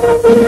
Thank you.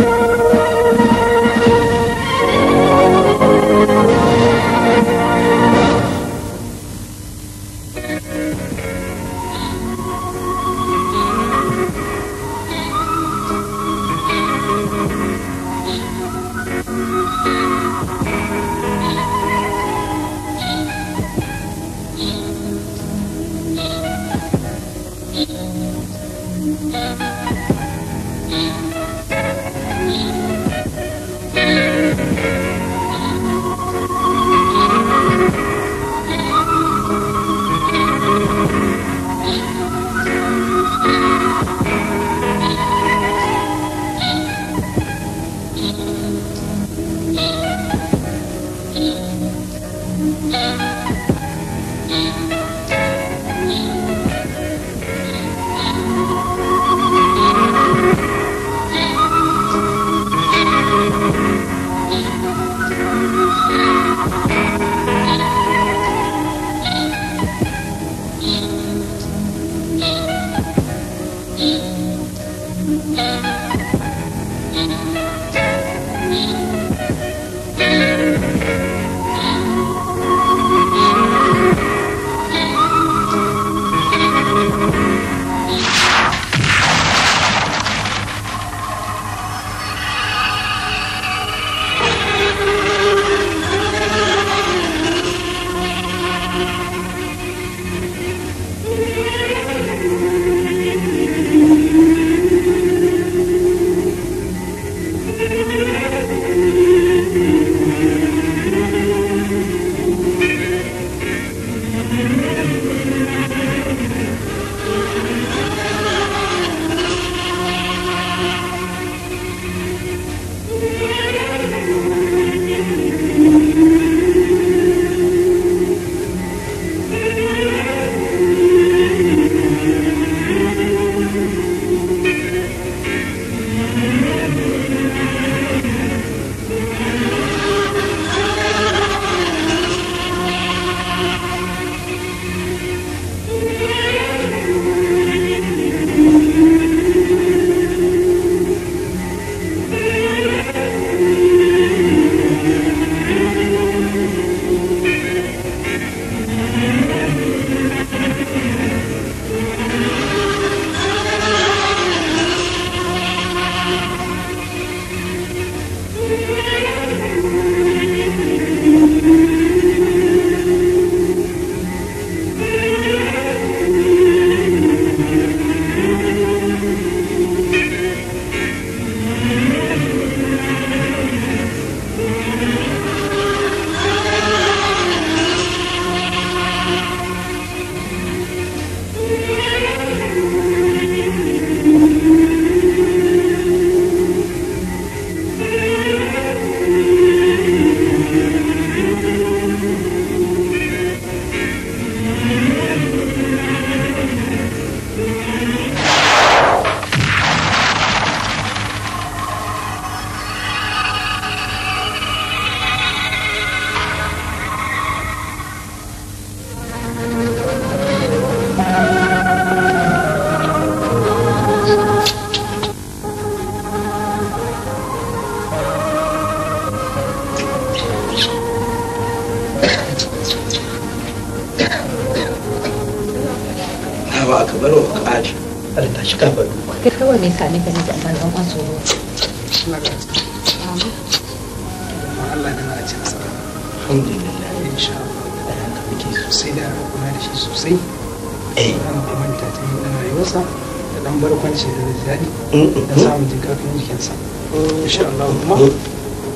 Allah kuma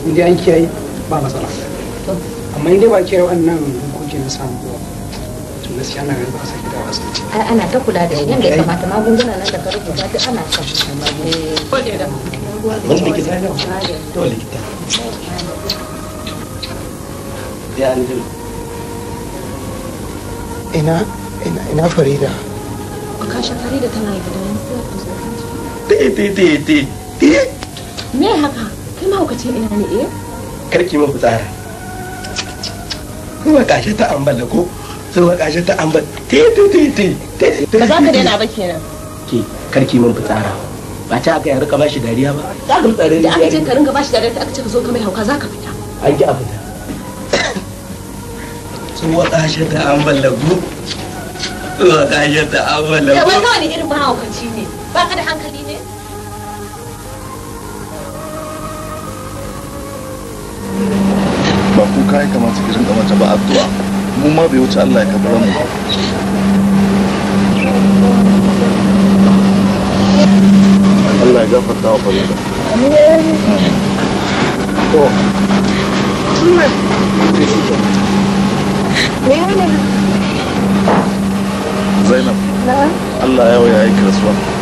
in an kiyaye ba matsala amma ba wannan na samu to ganin ba ana ta kula da shi ya kamata magunguna nan da ka rubuta duk ana sa shi da wani likita ne to likita ya ina ina ina farida farida tana gidan me haka mahaukacin ina ne eh karki mun fitsara kuma kashe ta ambala ko sai kashe ta ambala te te te te te ba za ka daina ba kenan ke karki mun fitsara ba ta aka rika bashi dariya ba za ka tsare da aka ce ka ringa bashi dariya aka ce ka zo ka mai hauka za ka fita an ki a fita tsuwa kashe ta ambala ko tsuwa kashe ta ambala ko wai kawai irin mahaukaci ma bai wuce Allah ya karɓi mu Allah ya gafarta wa farida da Zainab Allah ya waya aiki rasuwa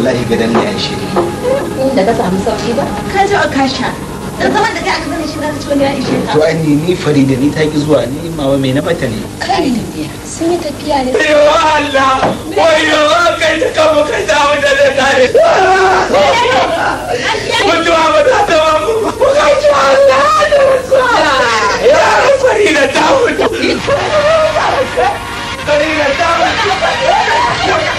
wallahi gadon ne an shi inda ka samu sauki ba ka ji a kasha da zaman da kai aka bane shi za ka ci wani ya ishe ka to ai ni ni farida ni ta ki zuwa ni wa mai na bata ne kai sun yi tafiya ne yo Allah wayo kai ta kama kai ta mu da da ne mutuwa ba ta ta ba mu ko kai ta Allah da rasuwa ya farida ta mutu farida ta mutu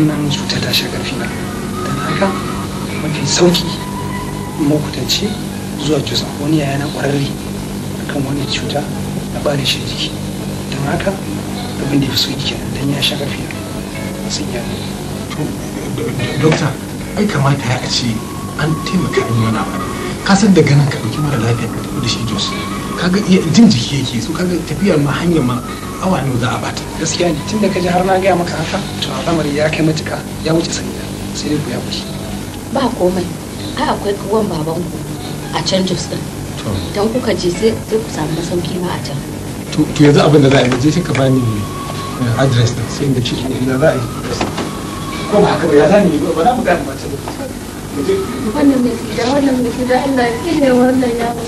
wannan cuta ta sha ƙarfi na don haka mafi sauki makwatance zuwa cusa wani yaya na ƙwararre kan wani cuta na ɓare shi jiki don haka abin da ya fi so jiki don ya sha ƙarfi na sun to dokta ai kamata ya ce an taimaka in yana ba ka san da ganin ka ɗauki mara lafiya da shi jos kaga iya jin jiki yake so kaga tafiyar ma hanyar ma awa nawa za a bata gaskiya ne tunda ka ji har na gaya maka haka to al'amari ya kai matuka ya wuce sanya sai dai ku ya wuce ba komai ai akwai kuwan babanku a can jos din don kuka je sai ku samu masauki ma a can to yanzu abin da za a yi je shi ka bani eh, address din sai inda cikin inda za a yi ko ba haka ba ya zani ba za mu gane ba can wannan mai gida wannan mai gida Allah ya kire wannan yaro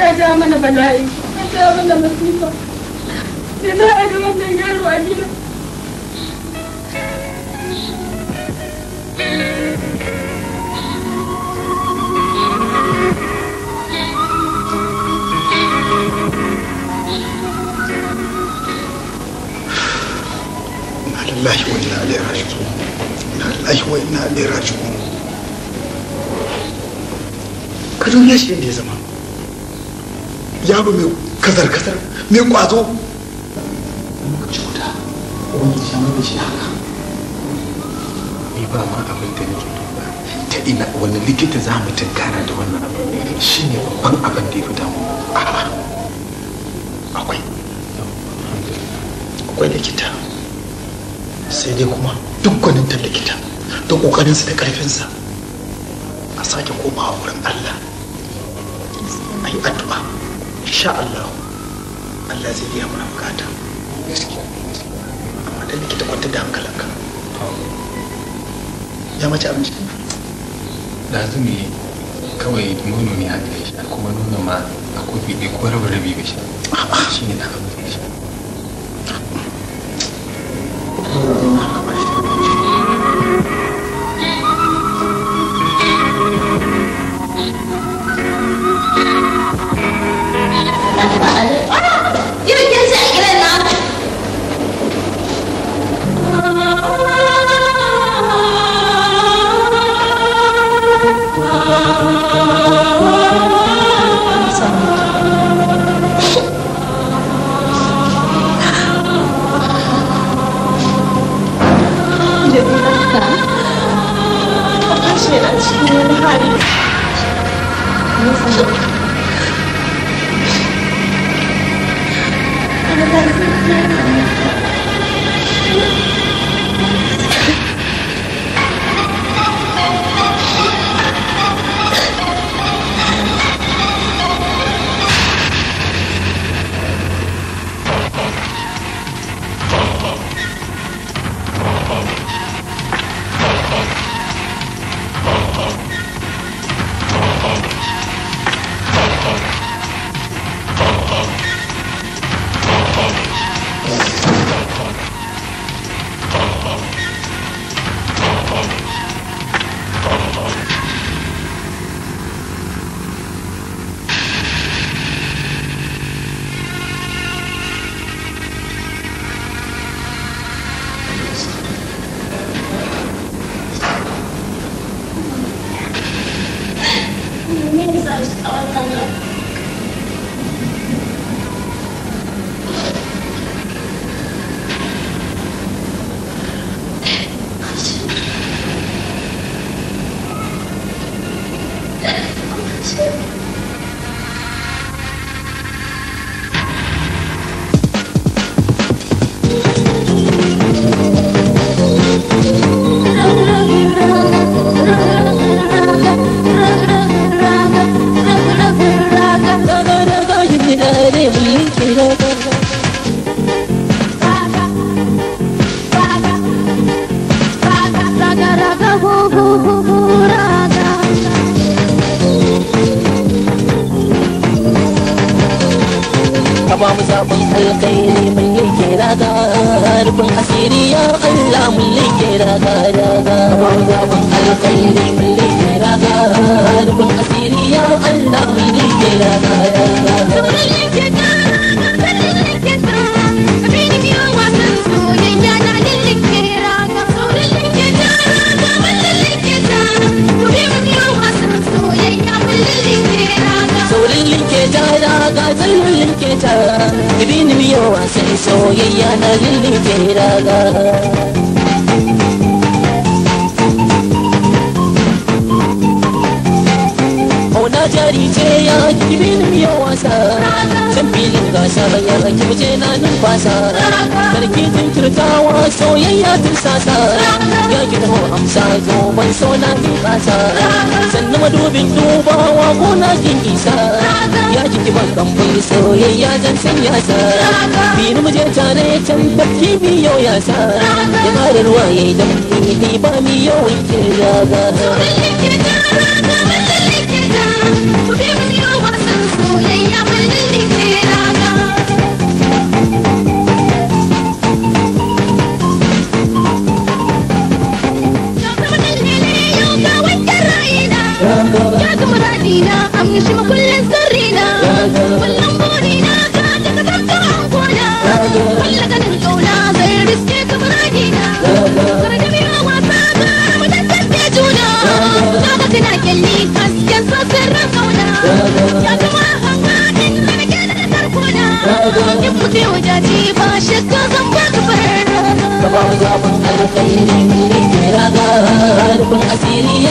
ya ja mana bala'i ya ja mana masifa da za a ga wannan yaro a gida lillahi wa inna ilaihi raji'un inna lillahi wa inna ilaihi raji'un ka shi inda ya zama yaro mai kazar mai ubangiji ya ni ba ma ta wani likita za mu da wannan abin shi da ya fi damu a'a likita sai dai kuma dukkanin ta likita da kokarinsa da karfinsa a sake komawa wurin Allah a yi addu'a insha Allah Allah zai biya mana bukata gaskiya da likita kwata da hankalinka ya mace abinci da zumi kawai nono ne a gare shi kuma nono ma a kofi ɗaya ko rabin rabi ga shi shi ne na abu 亲爱的，五分钟。那个单词。zubin wa kuna jin isa ya kiki ban kamfan soyayya zan san ya sa bini mu je tare can baki bi yau ya sa ya fara ruwa yi dan ni ba mi yau kin raga soyayya you. نجم كل سرنا كل نمورنا كاتب تذكر عنقنا خلت نهجونا زي بسكيت براجينا خرج بها وفاقا وتستجونا طاقتنا كلي أسكن صفر رفعنا يا جماعة قاتل من كان تتركنا يفوت وجاتي باشك زنبك برنا كل أسيري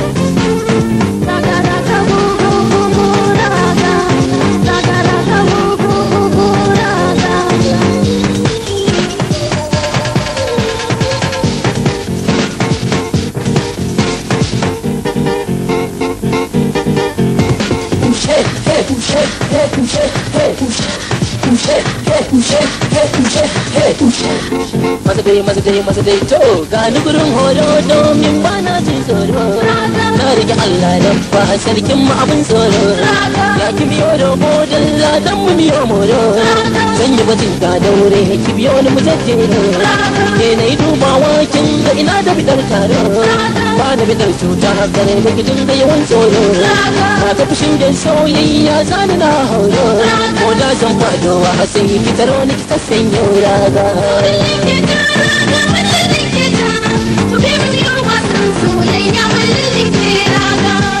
dai dai dai to gani gurin horo domin ba na jin tsoro na rike Allah da ba sarkin mu abin tsoro ya ki biyo da modal ladan mu biyo moro zan yi batun ga daure ki biyo ni mu jajjero ke na yi dubawa wakin da ina da bidar taro ba da bidar cuta gare da gidin da yawan tsoro ba ta fushi da soyayya zani na horo ko da zan kwadowa sai fitar wani kita sanyo raga Soyayya raga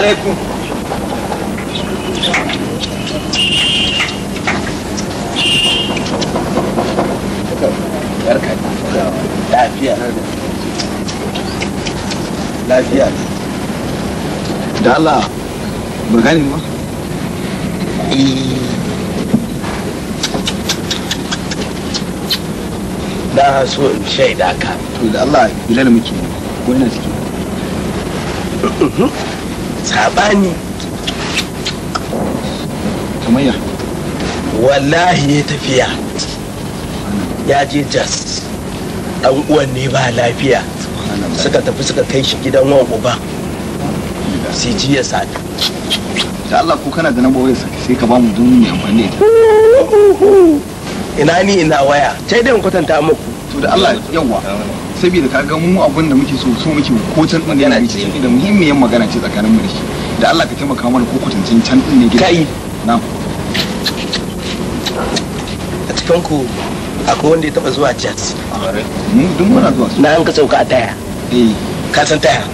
alaikum lafiya da Allah ba ma eh. da so in shaida ka to da Allah bilal muke wannan suke sabani kamayya wallahi ya tafiya ya je jas dan uwan ne ba lafiya suka tafi suka kai shi gidan wa uba sai ji ya sadu da Allah ko kana da nabawa sai sai ka ba mu dun amfani da ina ni ina waya sai dai in kwatanta muku to da Allah yawa saboda ka ga mu abin da muke so so muke ko can din yana cikin da muhimmiyar magana ce tsakanin mu da shi da Allah ka taimaka mana ko kutancin can din ne gida kai na a cikin ku akwai wanda ya taba zuwa jazz mu duk muna zuwa na an ka sauka a taya eh ka san taya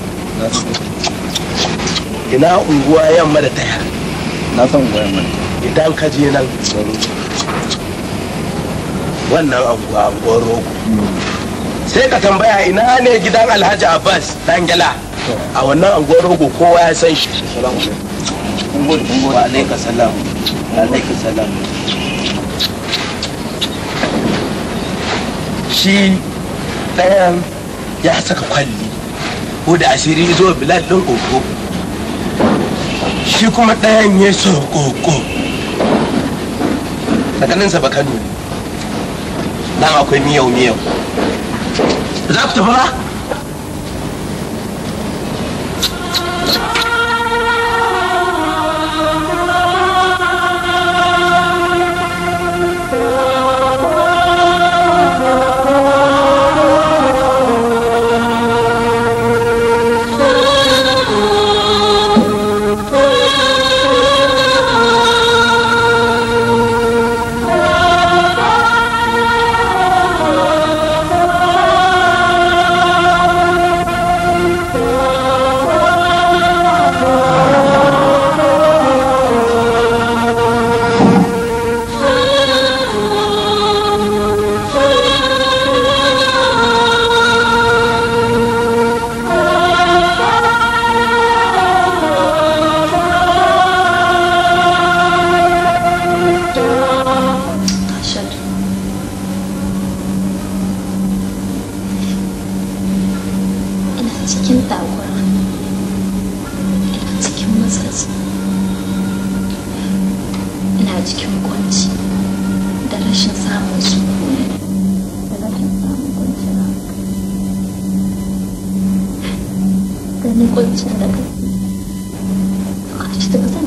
ina unguwa yamma da taya na san unguwa yamma idan ka je nan wannan anguwa anguwar rogo hmm. sai ka tambaya ina ne gidan alhaji abbas dangela a wannan anguwar rogo kowa ya san shi shi ɗayan ya saka kwalli ko da asiri zuwa bilal ɗin koko shi kuma ɗayan ya so koko tsakaninsa ba kano nan akwai miyau miyau Is that the fella?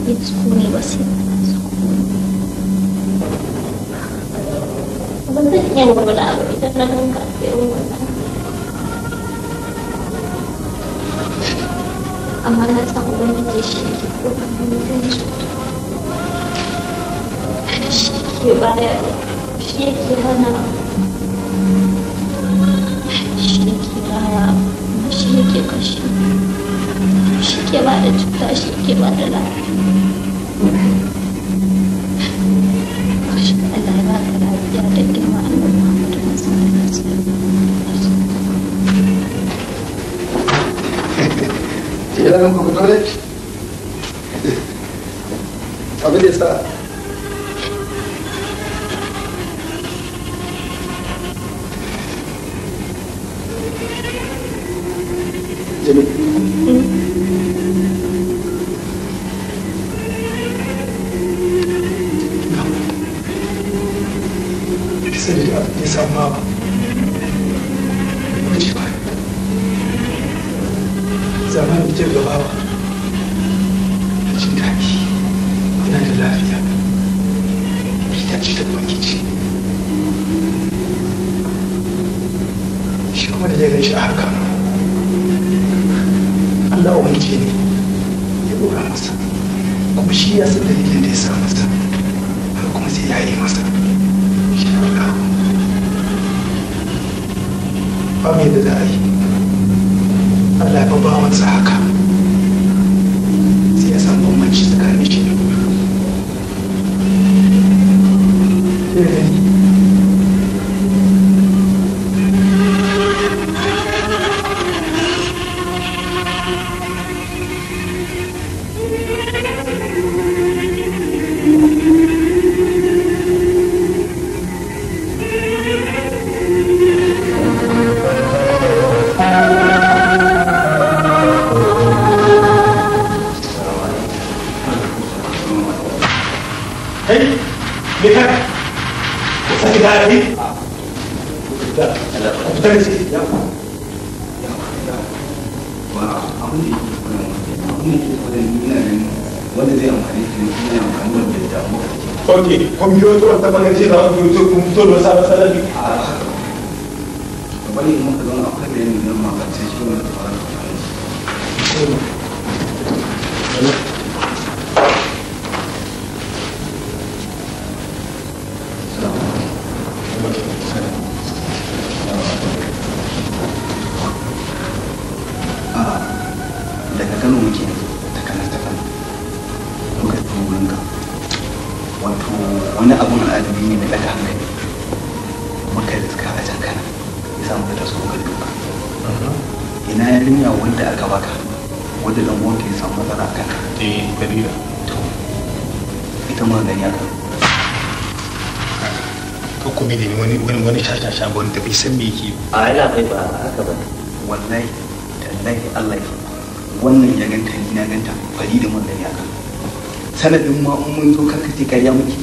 bai da sukuni ba sai ba zan iya wani abu idan na ganka a irin wannan amma na san ubangiji shi ke kokarin mutunci shi shi ke ba da cuta shi ke ba da lafiya kashi daga kano muke ta kanar ta kano muka zo wurin wato wani abun adabi ne na daga hankali muka riska a can kana ya samu da taso muka duka uh-huh. ina yarinya wanda aka baka wanda dan uwanka ya samu matsala a kanka eh ita ma gani a kanka ko kuma da wani wani wani shashan shagon da bai san me yake a ina kai ba haka ba wallahi tallahi Allah ya wannan ya ganta ni na ganta fari da mun da ni aka sanadin ma in mun zo karkace kariya muke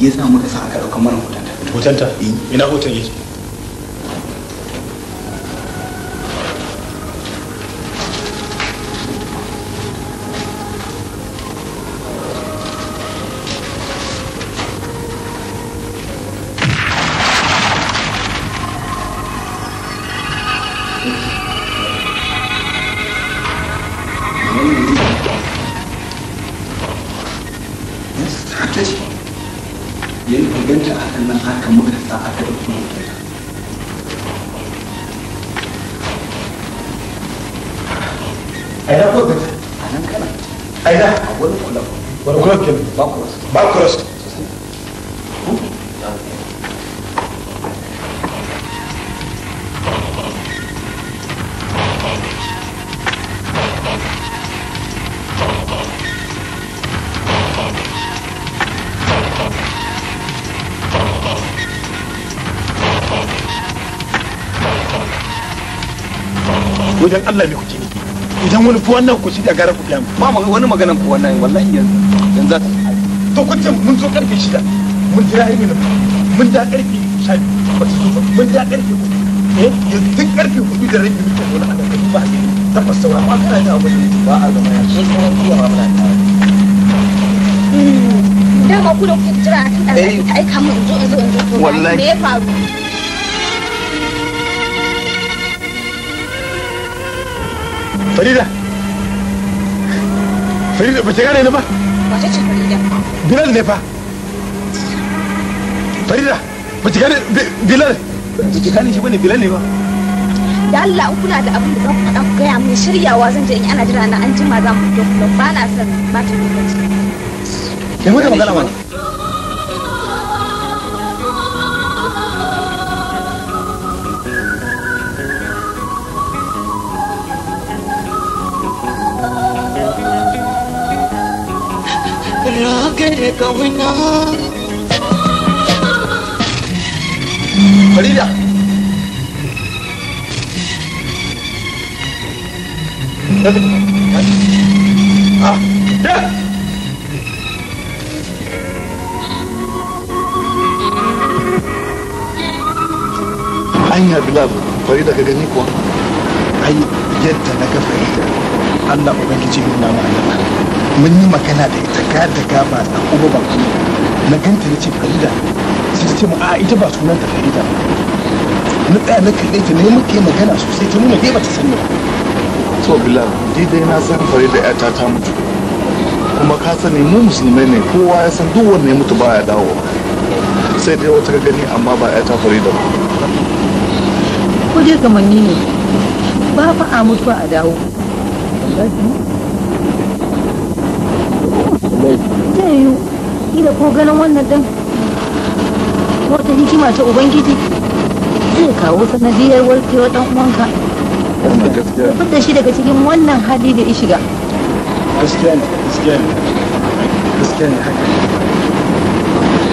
yasa muka sa aka dauka mana hotanta hotanta eh. ina hoton yake dan Allah me kuke niki idan wani fi wannan ku shi da gara ku biya mu wani maganan ku wannan wallahi yanzu yanzu za ta to kun mun zo karfe shida mun jira irin mun da karfe sha ba ta zo mun da karfe ku eh yanzu duk karfe ku da rabi muke zo na kai ba ne tabbas saura ba kana da abu ba a zama ya shi kuma ku ba mana ba hmm. ku da a kan da aika mun zo zo zo me ya faru Farida. Farida ba ta gane ni ba? Wace ce Farida? Bilal ne fa. Farida ba ta gane Bilal. Ba ta gane shi bane Bilal ne ba. Da Allah kuna da abin da za ku faɗa ku gaya min shiryawa zan je in ana jira na an jima za mu fito kuma ba na son ba ta lokaci. Ya mu da magana ba? Olivia. Hanya bila Farida ke gani kuwa Hanya Yadda na ka Farida Allah Ubangiji Nama Nama Nama mun yi magana da ita ga da gaba na uba ba na ganta na ce farida sai ta ce mu a ita ba sunan ta farida na tsaya na kalle ta ne muke magana sosai ta nuna dai bata sani ba to bilal ni dai na san farida ya ta mutu kuma ka sani mu musulmai ne kowa ya san duk wanda ya mutu baya dawo sai dai wata gani amma ba ta farida ba ko dai ni ne ba fa a mutuwa a dawo zai yiwu da ko ganin wannan din wata hikima ta ubangiji zai kawo sanadiyar warkewa dan uwanka fitar da shi daga cikin wannan hali da ya shiga gaskiya ne gaskiya ne gaskiya ne haka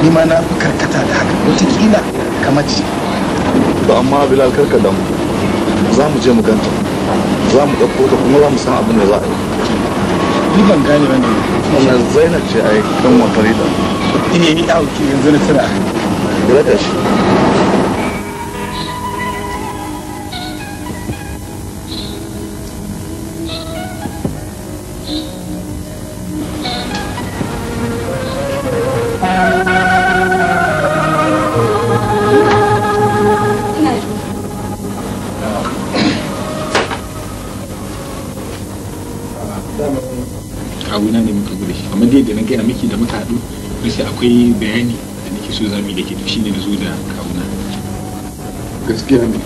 ni ma na karkata da haka wataƙila kamar ce to amma bilal karka damu za mu je mu ganta za mu ɗauko ta kuma za mu san abin da za a yi ni ban gane wannan wannan zainab ce ai kan wa farida eh ya wuce yanzu na tana ya shi gaskiya ne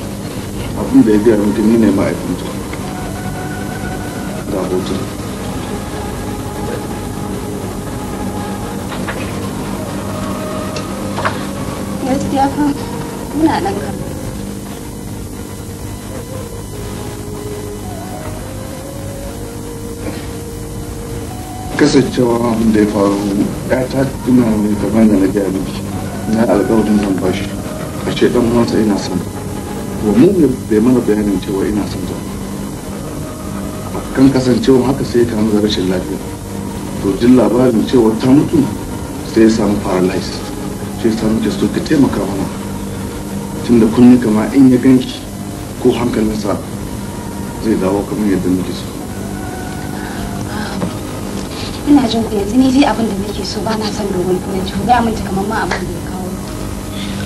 abin da ya biya mu ni ne ma'aikinta da hoton gaskiya fa muna ɗan kan kasancewa abin da ya faru ya ta tuna mai kamar da na gaya miki na alƙawarin zan bashi a ce ɗan uwansa yana son to mu ne bai mana bayanin cewa ina son a kan kasancewa haka sai ta hanzar rashin lafiya to jin labarin cewa ta mutu sai ya samu paralysis sai ya samu so ka taimaka mana tun da kunni kama in ya ganki ko hankalinsa zai dawo kamar yadda muke so ah, ina jin ku yanzu ni dai abin da nake so ba na son dogon turanci ku ga mun ta ma abin da ya kawo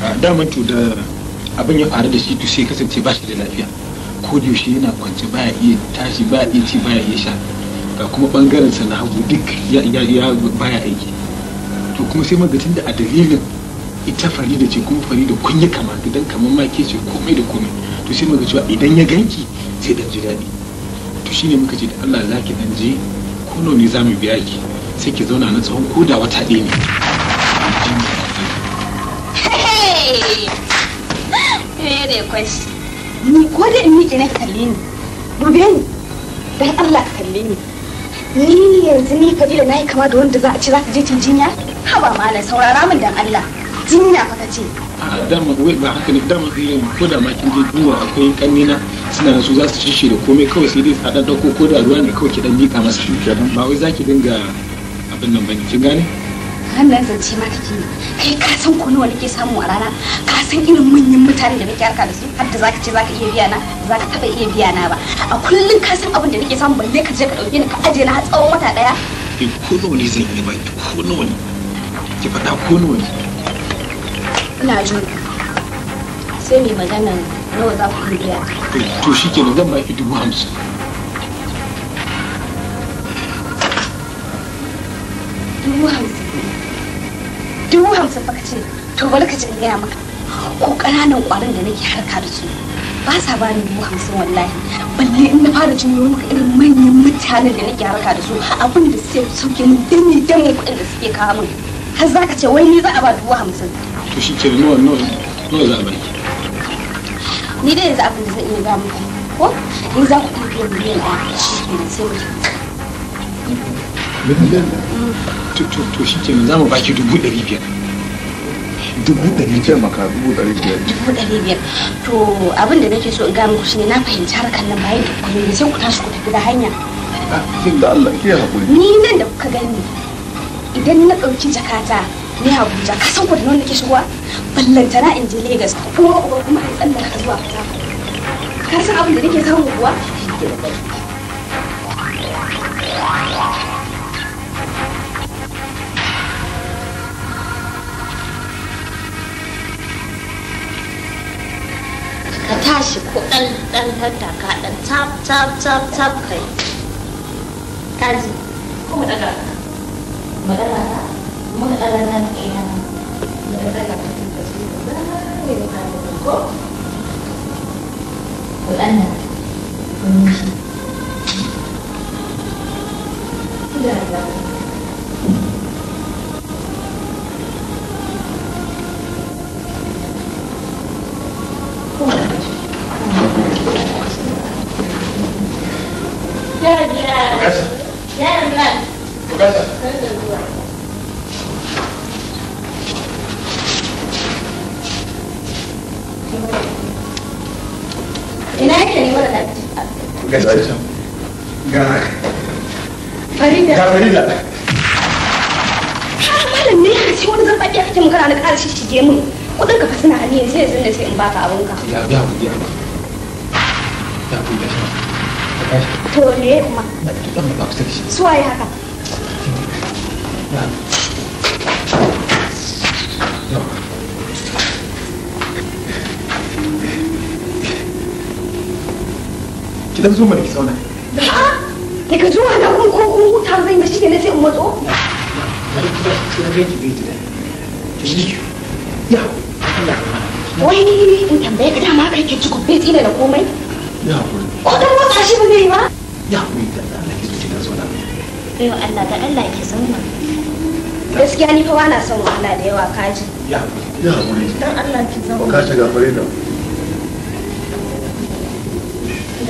ah, da mun da abin ya faru da shi to sai kasance ba shi da lafiya ko da yaushe yana kwance baya iya tashi ba iya ci baya iya sha ga kuma bangaren sa na hagu duk ya ya baya aiki to kuma sai magatin da a dalilin ita farida ce kuma farida kun yi kama gidan kamar ma ke ce komai da komai to sai magaci cewa idan ya ganki sai dan ji daɗi to shine muka ce da Allah zaki dan je ko ne za mu biya ki sai ki zauna na tsawon koda wata ɗaya ne. pay the question. Ni ko da in miƙe na kalle ni. Dube ni. Dan Allah ka kalle ni. Ni yanzu ni Fadila nayi kama da wanda za a ci za ka je cin jinya? Haba malam saurara min dan Allah. Jinya fa ka ce. A dama wai ba haka ne dama kai ko da makin kin je duwa akwai kannina suna da su za su cishe da komai kawai sai dai a dan dauko ko da ruwa ne kawai ki dan miƙa masa. Ba wai za ki dinga abin nan bane kin gane? nan zance ma take yi kai ka san ko nawa nake samu a rana ka san irin manyan mutane da nake harka da su har da zaka ce zaka iya biya na zaka taba iya biya na ba a kullun ka san abin da nake samu balle ka je ka dauke ni ka aje na har tsawon wata daya ko nawa ne zan yi ba ko nawa ne ki fada ko nawa ne ina jin sai mai magana nawa za ku biya to shikenan zan ba ki dubu hamsin dubu hamsin dubu hamsin baka ce to bari ka ce gaya maka ko ƙananan ƙwarin da nake harka da su ba sa ba ni dubu hamsin wallahi balle in na fara juyo maka irin manyan mutanen da nake harka da su abin da suke sauke ni dame dame kuɗin da suke kawo min har za ka ce wai ni za a ba dubu hamsin. to shi ke nawa nawa za a bani. ni dai yanzu abin da zan iya ba muku ko in za ku ɗauke miliyan ɗaya shi kenan sai mutum. to shi ke za mu baki dubu ɗari biyar dubu ɗari biyar maka dubu ɗari biyar dubu ɗari biyar to abin da nake so in gaya muku shine na fahimci harkar nan bayan da kuma ne sai ku tashi ku tafi da hanya ah, kin da Allah ke hakuri ni nan da kuka gani idan na ɗauki jakata ni Abuja ka san ku da nan nake shigowa ballantana in je Lagos kuma uba kuma an tsallaka zuwa ka san abin da nake samu kuwa ka tashi ko ɗan ɗan hanta ka ɗan tap tap tap tap kai kaji kuma daga magana dan zo mana ki zauna daga zuwa na kun ko kun huta zai ba shi ne sai in matso ya wai in tambaye ka dama kai ke ci kubbe tsina da komai ya ko dan motsa shi ba zai yi ba ya hakuri da Allah ke zuci na zauna ayo Allah da Allah ke zauna gaskiya ni fa na son wahala da yawa kaji ya hakuri ya hakuri dan Allah ki zauna ka shiga fare da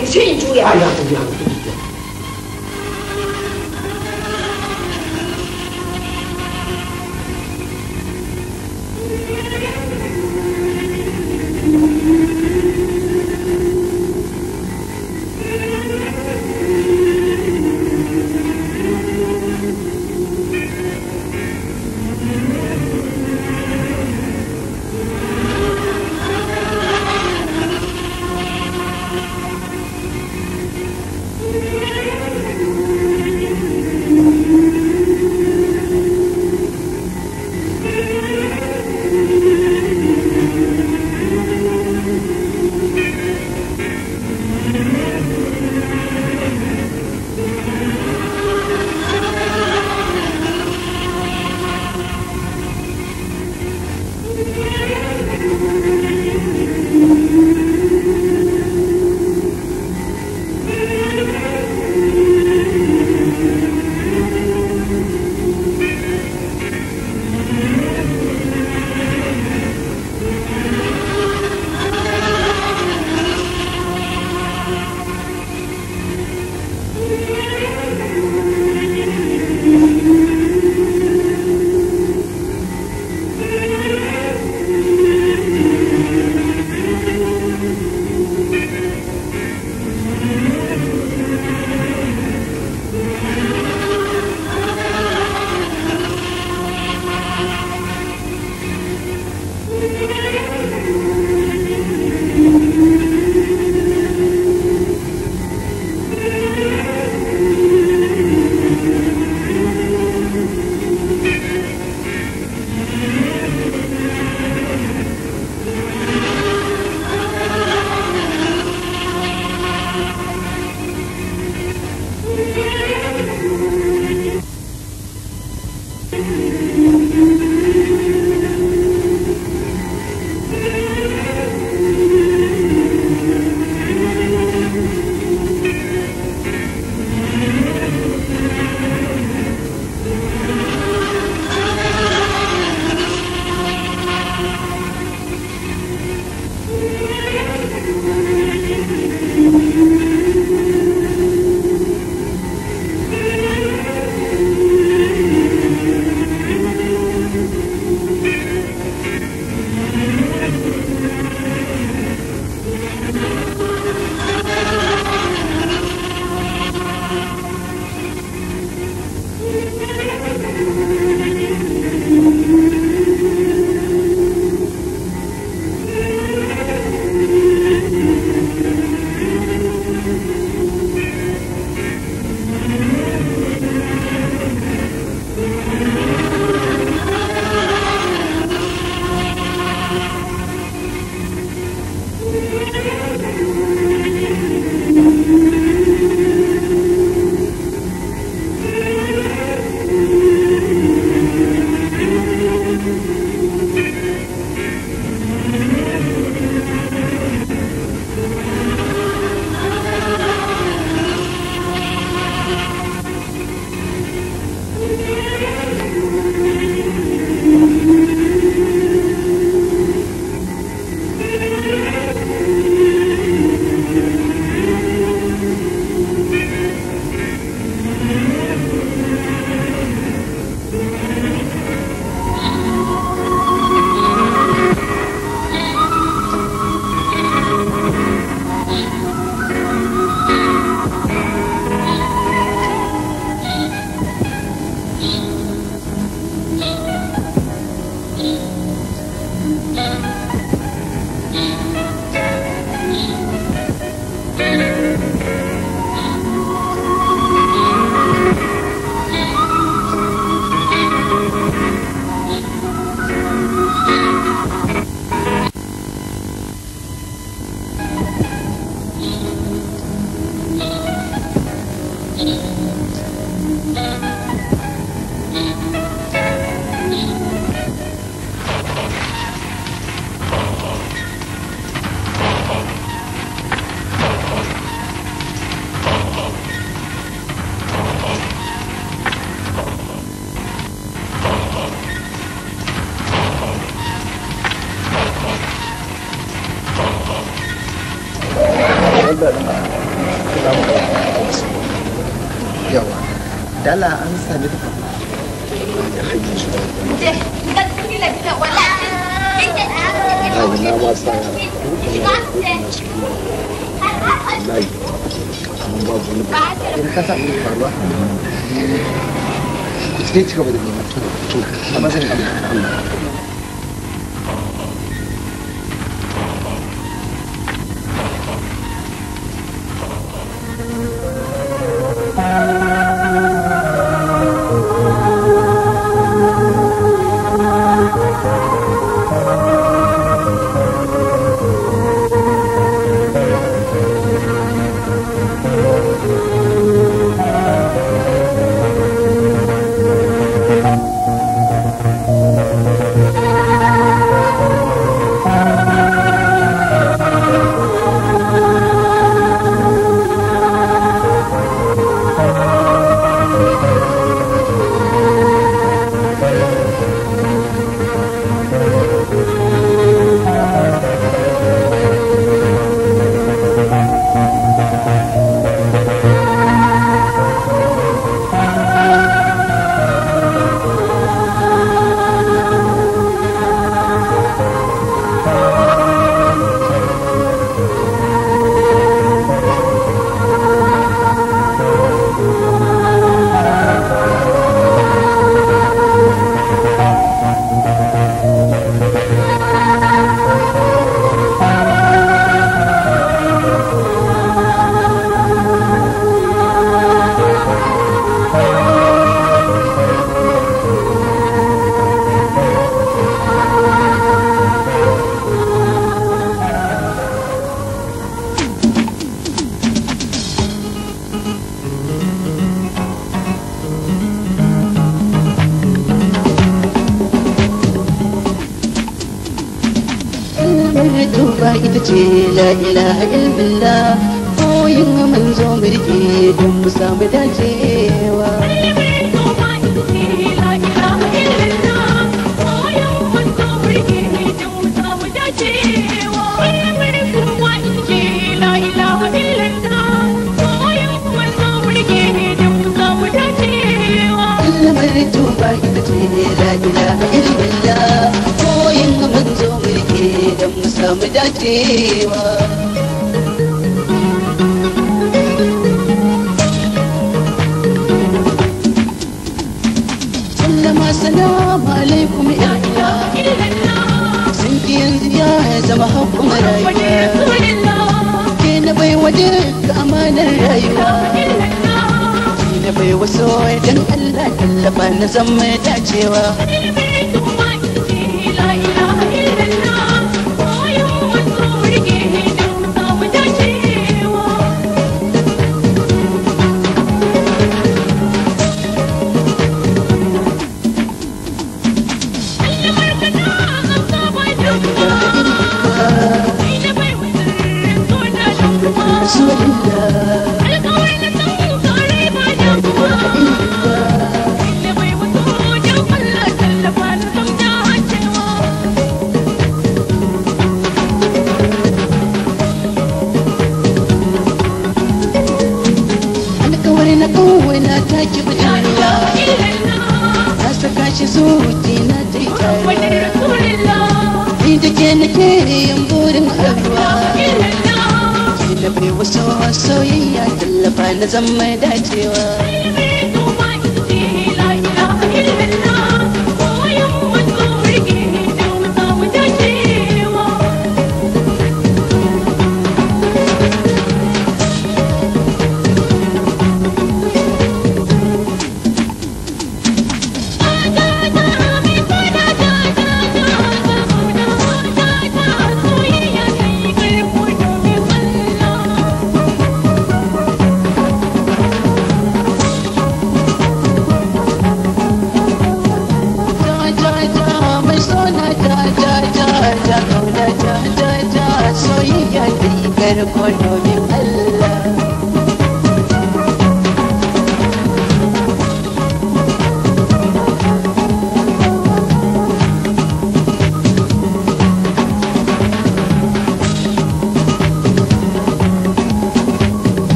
你去住呀！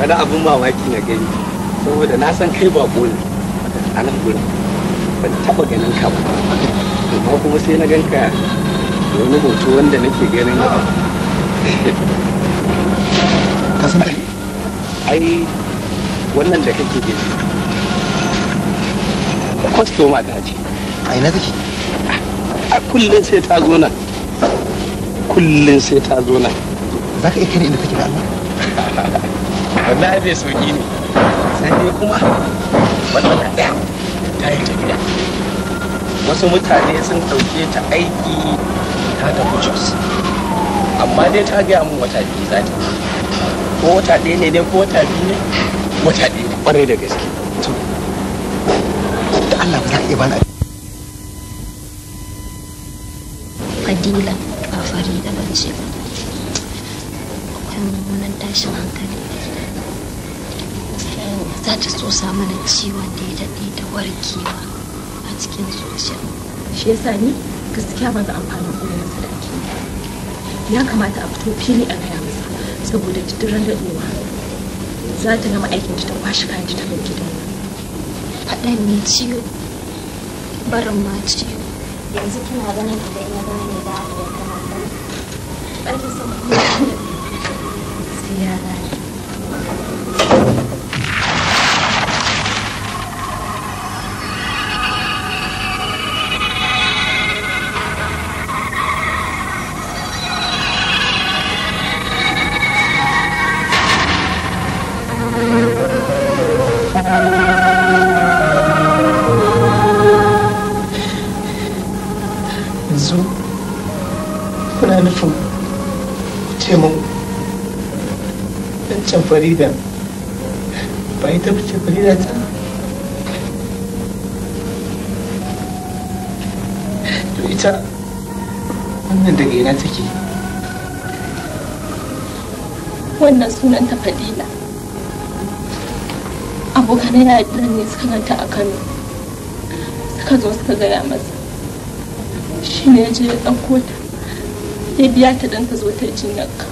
wani abin mamaki na gani saboda na san kai ba ne a nan gurin ban taba ganin ka ba amma kuma sai na ganka da wani hoto wanda nake ganin ka san ai wannan da kake gani kwastoma ta ce a ina take a kullum sai ta zo nan kullum sai ta zo nan za ka iya kani inda take da Allah wallahi bai sauki ne sai dai kuma wannan ɗaya ta yi tafiya wasu mutane sun ɗauke ta aiki ta tafi jos amma dai ta gaya mun wata biyu za ta ko wata ɗaya ne dai ko wata biyu ne wata ɗaya ne ƙwarai da gaske to da Allah ba za a iya bani fadila ba fari da ba akwai mummunan tashin hankali za ta so mana ciwon da ya daɗe da warkewa a cikin zuciya shi sa ni gaskiya ba za amfanin koyar sadaki ya kamata a fito fili a gaya masa saboda tuturan daɗewa za ta gama aikin ta kwashe kayan ta tafi gidan faɗan ne ciwo barin ma ciwo yanzu kina ganin idan ya gane za a iya kama ɗan ƙarfi sama farida ba ita ce farida ta to ita wannan daga ina take wannan sunan ta fadila abokanai na ne suka ganta a kano suka zo suka gaya masa shi ne ya je ya ɗauko ta ya biya ta don ta zo ta jinyarka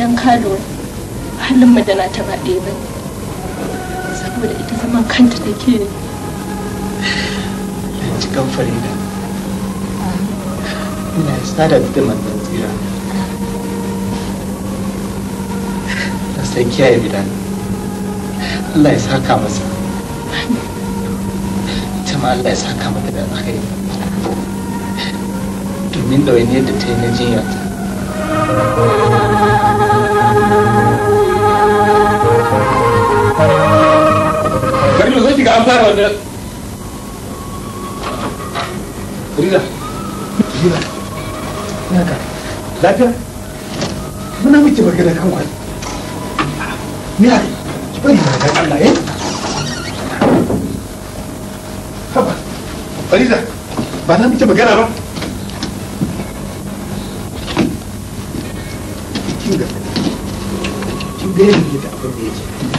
gidan ka halin madana ta ba ɗaya ba saboda ita zaman kanta take ne cikin farida ina sada da mantan tsira da sai kiyaye bidan Allah ya saka masa ita ma Allah ya saka mata da alkhairi domin da wani yadda ta yi na jinya ta Karilo zo shiga an fara wannan. Rila. Rila. Naka. Lafiya? Muna miki magana kan kwani. ni ya ki bari na dan Allah eh? Haba. Rila. Ba na miki magana ba. abin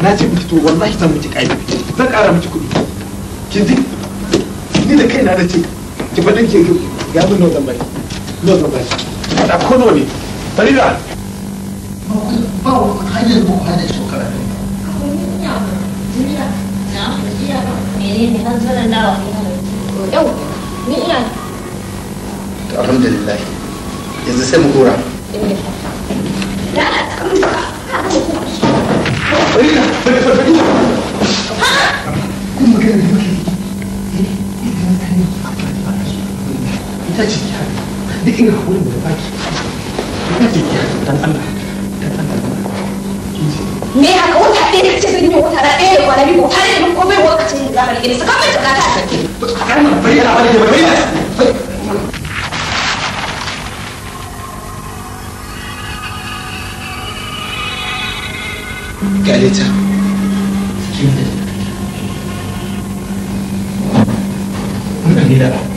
na ce miki to wallahi zan miki kai zan kara miki kuɗi kin ji ni da kaina da ce ki fadin ke ya zo nawa zan nawa zan baki faɗa ko ne farida ba wa hanyar ba hanyar y'a ne alhamdulillah yanzu sai mu kura Farida, Farida, Farida. Kun magana da kyale ta wannan ne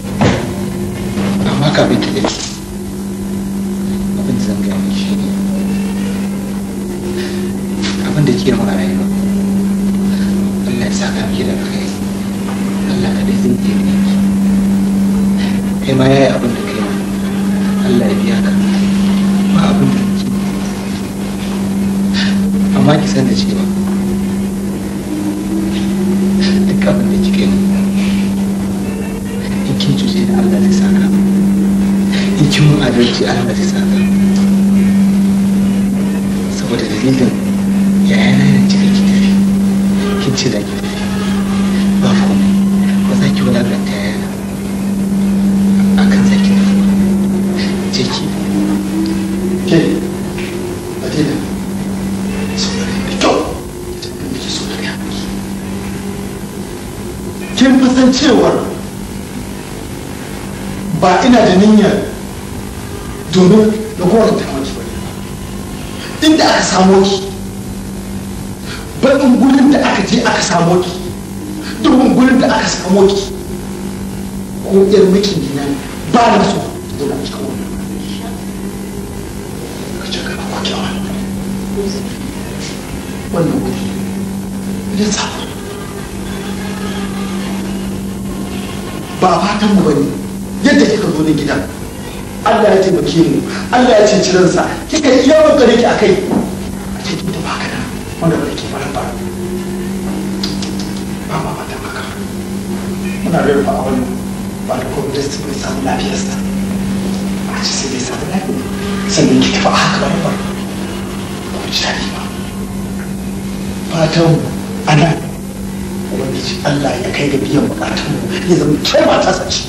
aka je aka samo ki domin gurin da aka samo ki ko irin mikin dina ba na so da na cikin wannan ka ce gaba ko kyawa wannan guri ya tsaba ba a fatan mu bane yadda kika zo ne gidan Allah ya taimake mu Allah ya ce ransa kika yi yawan gare ki akai a cikin da baka da wanda ba ke fara fara muna da a wani ba da kuma samu lafiyarsa a ci sai samu lafiya sannan ki a haka ba ba ku ji daɗi ba fatan ana ubangiji Allah ya kai ga biyan bukatun mu ya zama ke mata sace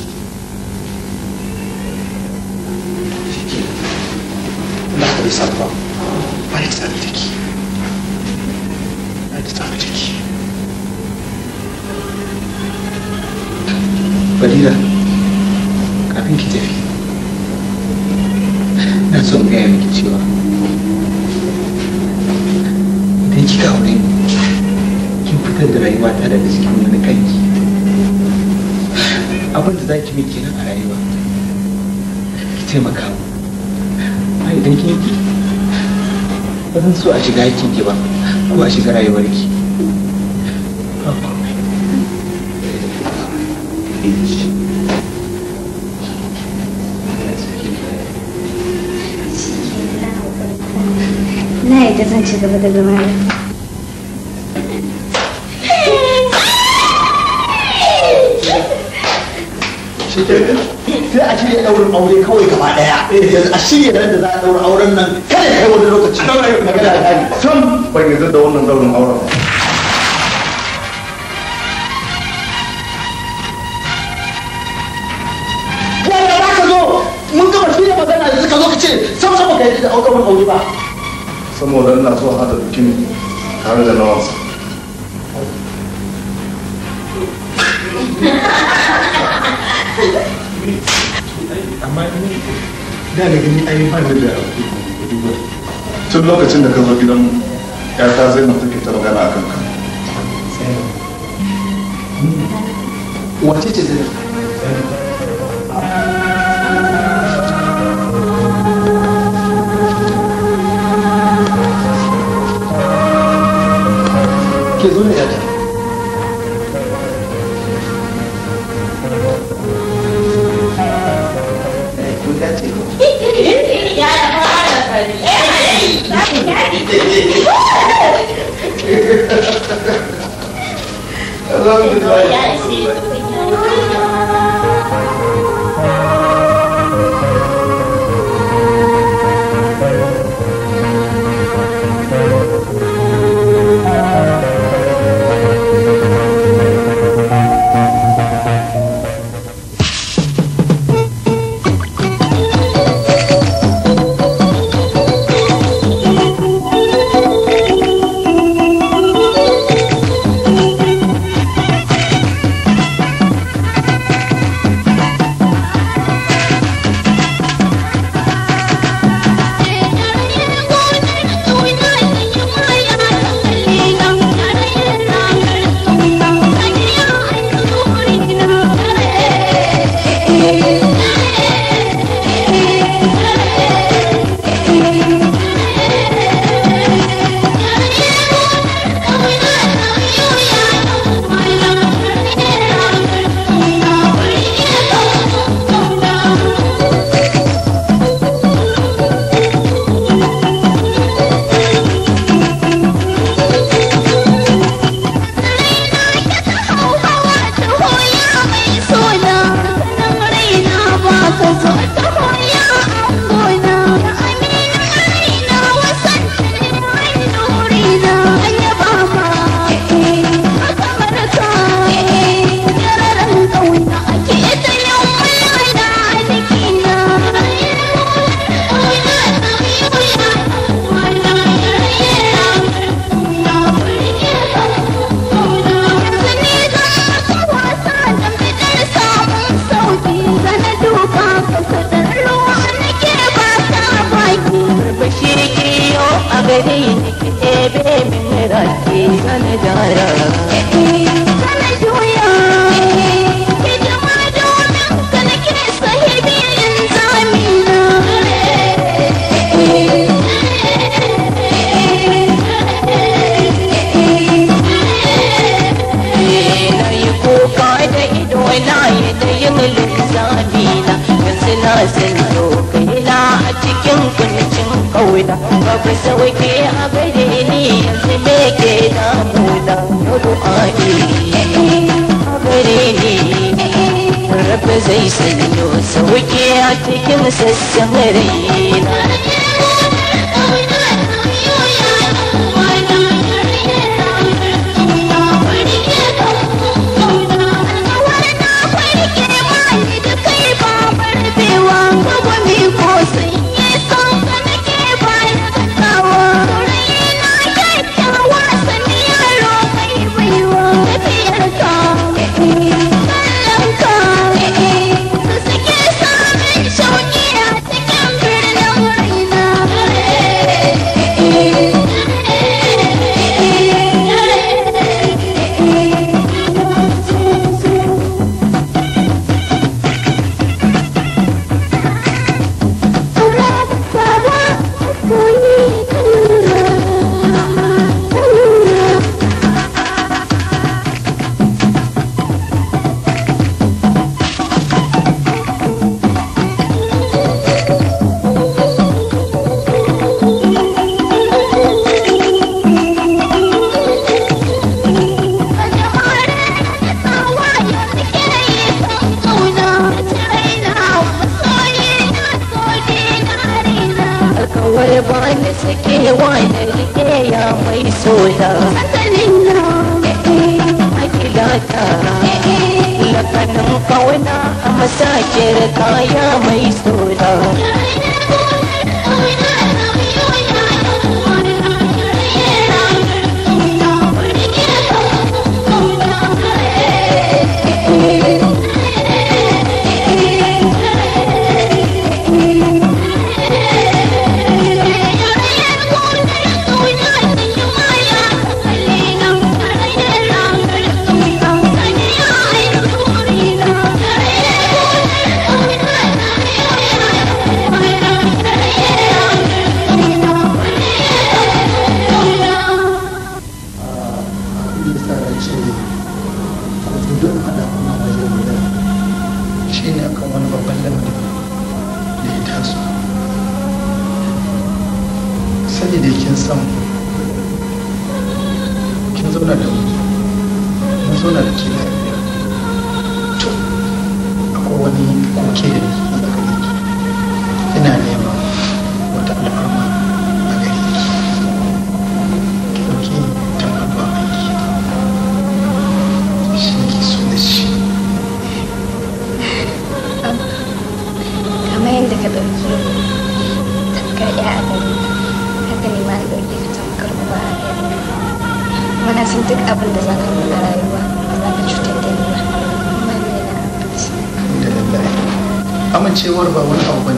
na ka bai samu ba ba ya tsami take Hadiza kafin ki tafi na son gaya miki cewa idan kika aure kin fitar da rayuwa ta daga cikin wani kanki abin da za ki miki nan a rayuwa ki taimaka mu idan kin yi ba zan so a shiga aikin ki ba ko a shiga rayuwar ki Thank you. na yadda zan ci gaba da zama da sai a shirya daurin aure kawai gaba daya yanzu a shirya nan da za a daura auren nan kada ya kai wani lokaci son ban yarda da wannan daurin auren wanda za ka zo mun gama shirya magana yanzu ka zo ka ce sam sam ka yarda da auren aure ba saboda ina so hada bikin tare da na amma gani tun lokacin da ka zo gidan ya ta zai mutu ke ta magana a kanka hmm. wace ce zai I love the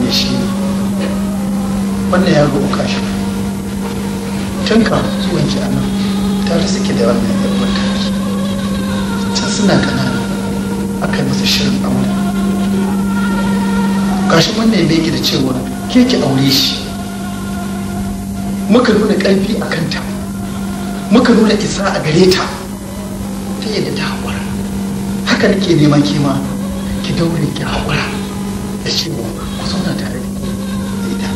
ne shi wannan ya rubuka shi tun ka zuwan ki ana tare suke da wannan yabon taki can suna kanana aka yi masa shirin aure gashi wannan ya ki da cewa ke ki aure shi muka nuna ƙarfi a kanta muka nuna isa a gare ta ta yadda ta haƙura haka nake neman kima ki daure ki haƙura da cewa zauna tare da ita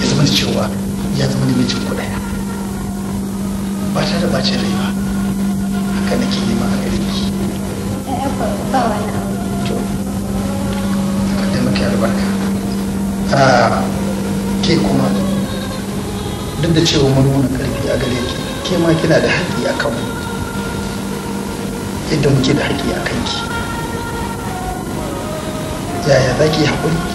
ya zama da cewa ya zama da mijin ku daya ba ta da bacin rai ba haka nake yi ma a gare ki ba wani abu to ka albarka ah, ke kuma duk da cewa mun nuna karfi a gare ki ke ma kina da haƙƙi a kanmu yadda muke da haƙƙi a kanki yaya za ki haƙuri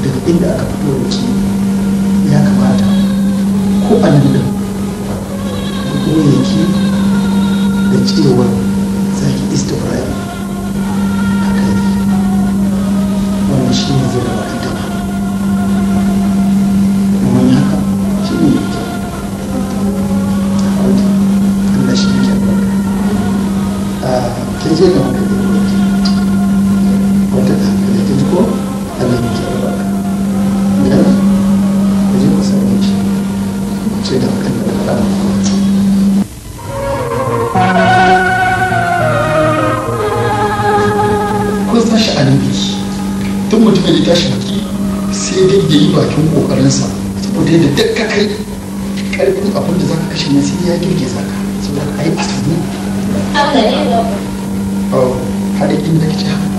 daga inda aka fito da shi ya kamata ko a nan da yake da cewa zaki istifrai a kai wannan shi ne zai rawa ita ba kuma haka shi ne ya da kyau Allah shi ne kyau ah, kin je kamar mutumin da tashi haƙi sai dai da yi bakin ƙoƙarinsa saboda yadda duk ka kai ƙarfin abin da za ka kashe ne sai ya girge za ka saboda ka yi asabu haɗe ɗin da haka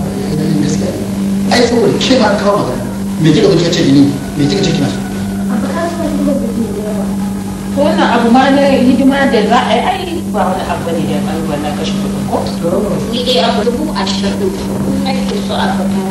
ai saboda ke ba kawo magana me kika zo kika ce ni me kika ce kina so wannan abu ma na hidima da za a yi ai ba wani abu ne da ya ɓarɓar na kashe kuɗin ko? dai abu dubu ashirin ake so a fata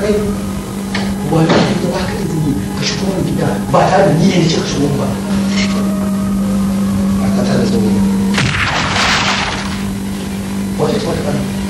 kai wani ta baka ka shigo wani gida ba tare da ni da ce ka shigo ba a kata da wata wata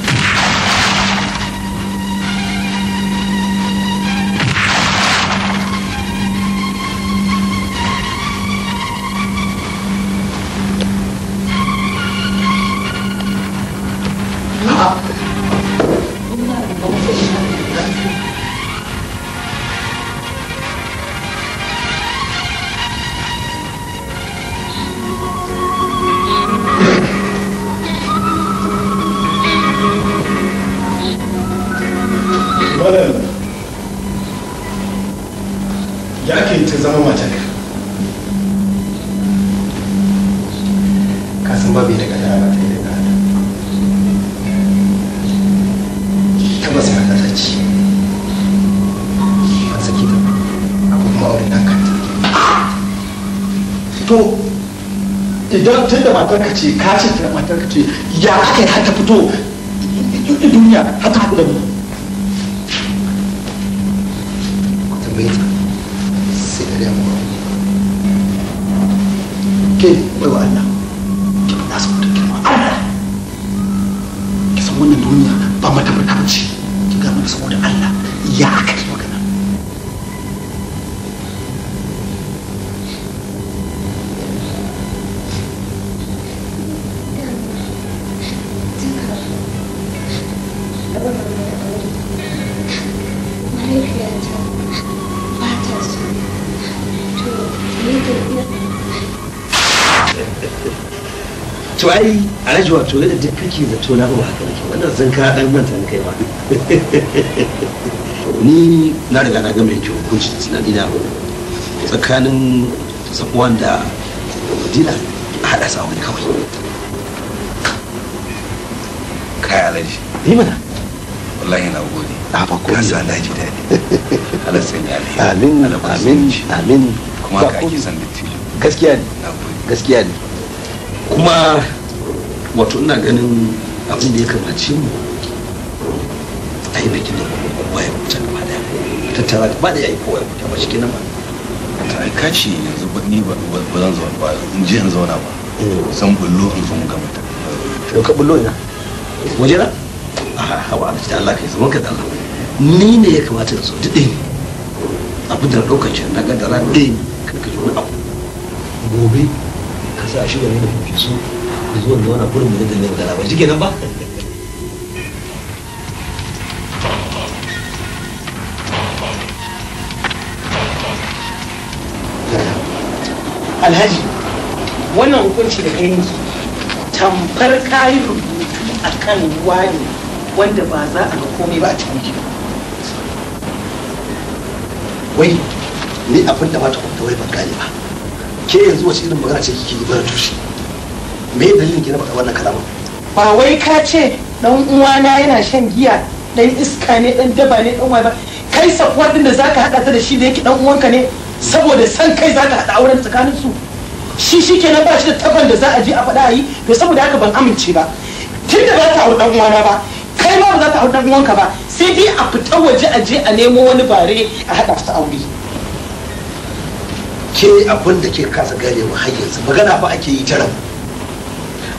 ka ce ka ce ta matar ka ce ya aka yi hata fito duniya ta haɗu da mu ke bai wa Allah ki faɗa saboda girma Allah ki san wannan duniya ba mata fita ce cewa wato yadda duk kake da to na ruwa haka nake wannan zan ka dan manta ne kai ma ni na riga na gama yanke hukunci da tunani na tsakanin sakuwan da dina a haɗa sa wani kawai kaya alaji ni mana wallahi na gode a ba ko kasa na ji daɗi ala san ya ne amin amin amin kuma ka ake san da gaskiya ne gaskiya ne kuma wato ina ganin abin da ya kamace mu a yi bikin da kowa ya fita gaba daya tara ba da ya yi kowa ya fita ba shi nan ba ta yi kashi yanzu ba ni ba zan zauna ba in ji yanzu zauna ba san eh. bullo in zo muka gama ta yau ka bullo ina waje na a ah, hawa a cikin Allah kai zaman ka da Allah ni ne ya kamata da so duk abin da na ɗaukar shi na gadara ɗaya ne karkashi wani abu gobe ka sa shi da ne da fi so zuwan da wani kurin mutum ne magana ba shi kenan ba alhaji wannan hukunci da kai yanki tamfar kayi rubutu a kan ruwa ne wanda ba za a ga komai ba a cikin gida wai ni abin da ba ta kwanta wai ban gane ba ke yanzu wasu irin magana ce kike yi bara tushe me dalilin ki na faɗa wannan kalama ba wai ka ce dan uwana yana shan giya dan iska ne dan daba ne dan ba kai safuwar din da zaka hada ta da shi da yake dan uwanka ne saboda san kai zaka hada auren tsakanin su shi shikenan ba shi da tabban da za a je a faɗa a yi to saboda haka ban amince ba tunda ba ta auri ɗan uwana ba kai ma ba za ta auri ɗan uwanka ba sai dai a fita waje a je a nemo wani bare a haɗa su aure ke abin da ke kasa ganewa har yanzu magana ba ake yi jaran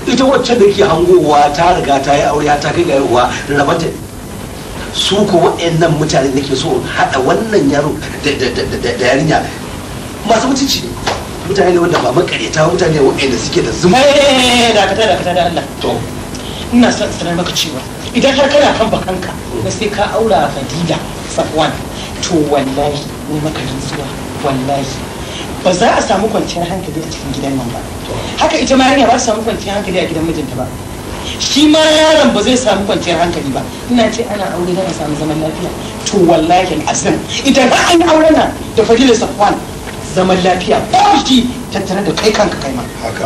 ita wacce da ke hangowa ta riga ta yi aure ta kai ga yawa rabata su ko waɗannan mutane da ke so haɗa wannan yaro da yarinya masu mutunci ne mutane ne wanda ba makareta mutane waɗanda suke da zuma eh dakata dakata da Allah to ina son sanar maka cewa idan har kana kan bakanka mm. na sai ka aura fadila safwan to wallahi ne maka zuwa wallahi ba za a samu kwanciyar hankali a cikin gidan nan ba haka ita ma yarinya ba ta samu kwanciyar hankali a gidan mijinta ba shi ma yaron ba zai samu kwanciyar hankali ba ina ce ana aure don a samu zaman lafiya to wallahi azim idan ba an aure na da fadila safwan zaman lafiya ba shi tattare da kai kanka kai ma haka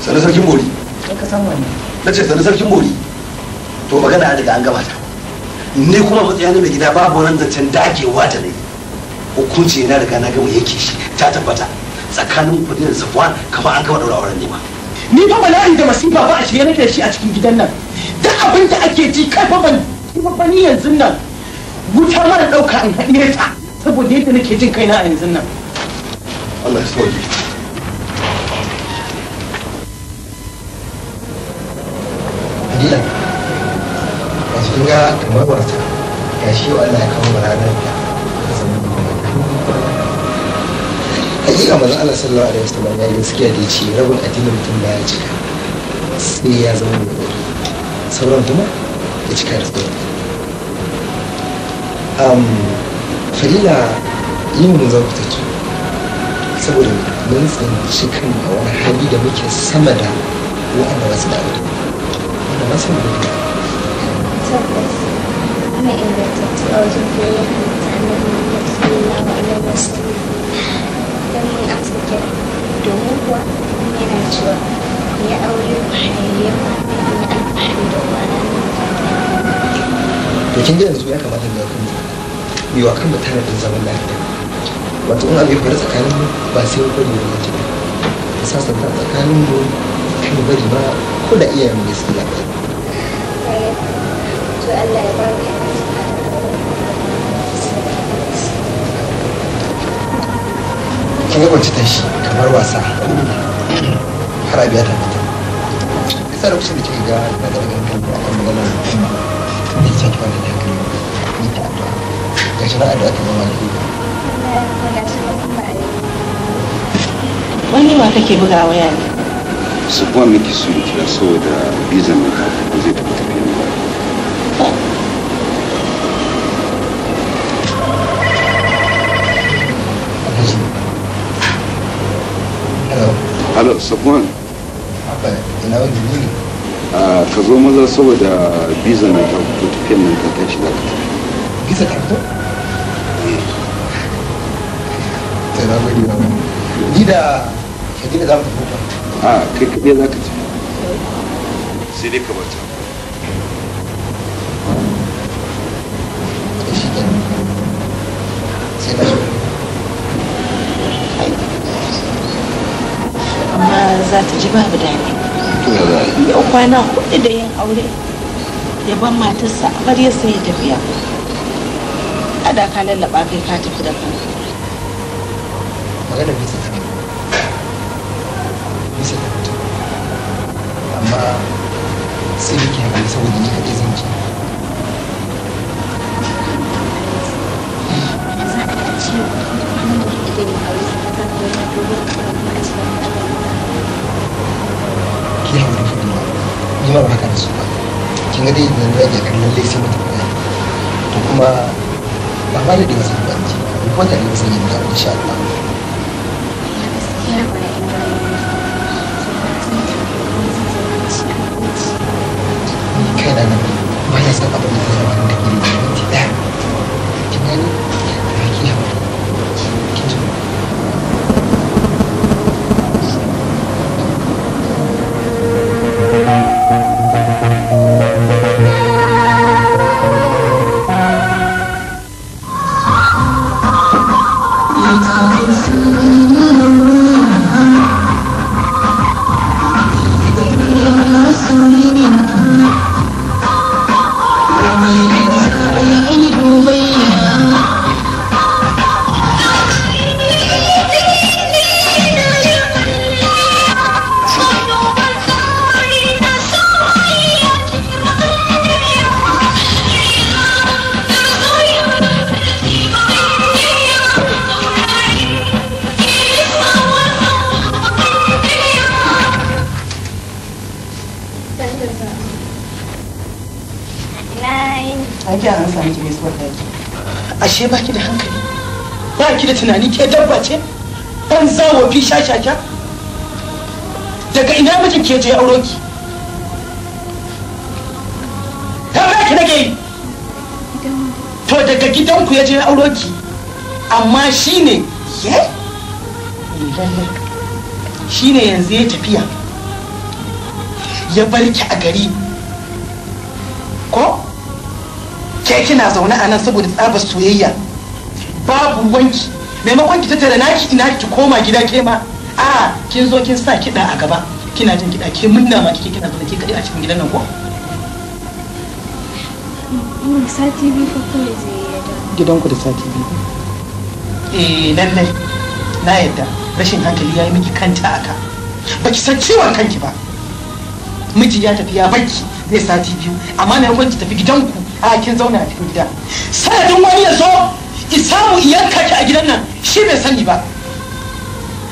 sanar sarkin bori ka san wani na ce sanar sarkin mori to magana an riga an gabata ne kuma matsayana mai gida babu wani zancen dakewa ta ne hukunci na riga na gama yake shi ta tabbata tsakanin kudi da safuwa kamar an gama daura auren nema ni fa bala'i da masifa ba a shirye nake shi a cikin gidan nan duk abin da ake ji kai fa ban ba ni yanzu nan wuta mara dauka in haɗe ta saboda yadda nake jin kaina a yanzu nan Allah ya sauke Adila, ga kamar wasa, ya shi Allah ya kawo ranar da hakika manzo Allah sallallahu alaihi wasallam ya yi gaskiya da ce rabin addinin mutum ba ya cika sai ya zama mai dori sauran kuma ya cika da tsoro um fadila yin mun zama fitattu saboda mun tsinci kan a wani hali da muke sama da wa'anda wasu da wani wanda ba su da wani tabbas ana da idan mun domin kuwa yana cewa ya aure ku yi alfahari da ku to kin yanzu ya kamata da kun yi wa kan mutane da zaman lafiya wato in abu ya faru tsakanin mu ba sai mun bari wani ji ba ka sasanta tsakanin mu kan bari ba ko da iyayen mu ne sun eh, to Allah ya ba kin ga mace shi kamar wasa har abiya ta mata isa lokacin da kika ga daga da ganin kan akan magana ne sai ki wannan hankali ni ta addu'a ga shi na addu'a ta mama ki wani ma kake buga waya ne su kuma miki su kira saboda bizan mai kafin zai tafi alo sabuwan ka zo maza saboda biza na ta tafiyan nan ta tashi da ta fito? Eh. ta na da za mu tafi a kai za ka tafi sai dai ka bata za ta ji babu daɗi yau kwana hudu da yin aure ya ban matarsa a bar ya sai ya tafiya ada ka lallaba kai ka tafi da kan. magana bisa ta bisa ta mutu amma sai da ke hankali saboda ni kaɗai zan ci Thank you. ki haƙuri fatima ni ma ba haka da su ba kin ga dai yanzu ake kan lallai sai mutum ɗaya to kuma ba ma da dai wasu ba ji ko wata ne wasu yin dawo insha Allah kai na nan ba ya san abin da zai zama da ke da shashasha daga ina mijin ke je auro ki tambaya ki nake yi to daga gidanku ya je auro ki amma shine ye shine yanzu ya tafiya ya bar ki a gari ko ke kina zaune a nan saboda tsabar soyayya babu wanki maimakon ki tattara naki ina ki koma gida ke ma a kin zo kin sa kiɗa a gaba kina jin kiɗa ke munna ma kike kina zo ke kadi a cikin gidan nan ko sati biyu fa da sati biyu eh lalle na yadda rashin hankali ya yi miki kanta aka baki san ciwon kanki ba miji ya tafi ya baki zai sati biyu amma na yankwanci tafi gidanku a kin zauna a cikin gida sanadin wani ya zo ki samu iyanka ki a gidan nan shi bai sani ba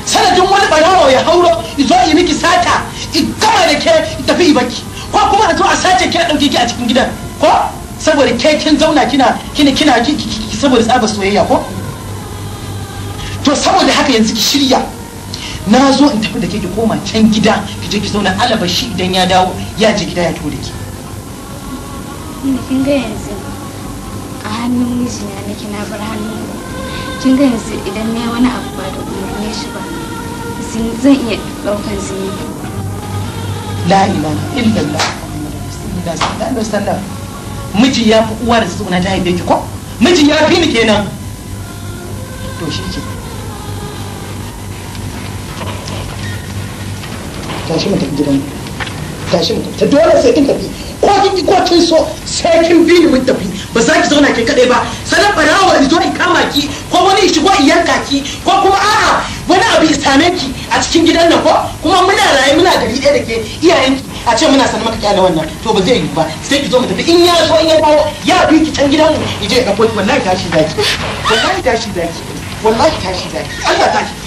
sanadin wani barawo ya hauro izo yi miki sata i gama da ke tafi yi baki ko kuma a zo a sace ke ɗauki ki a cikin gidan ko saboda ke kin zauna kina kina kina saboda tsaba soyayya ko to saboda haka yanzu ki shirya na zo in tafi da ke ki koma can gida ki je ki zauna alaba shi idan ya dawo ya je gida ya to da ki kin ga yanzu a hannun mijina nake na bar hannun kin ga yanzu idan na wani abu ba da umarni shi zan iya ɗaukan zini la ilaha illallah miji ya uwa da ta haife ki ko miji ya ke tashi mu tafi gidan tashi mu tafi dole sai kin tafi ko kin ko kin so sai kin bi ni tafi zauna ke kaɗai ba sanan barawa da zo in kama ki ko wani shigo in yanka ki ko kuma a'a wani abu ya same ki a cikin gidan nan ko kuma muna raye muna gari ɗaya da ke iyayen a ce muna sanar maka kyale wannan to ba zai yi ba sai ki zo mu tafi in ya zo in ya dawo ya bi ki can gidan mu ije ya ko wallahi tashi zaki wallahi tashi zaki wallahi tashi zaki Allah tashi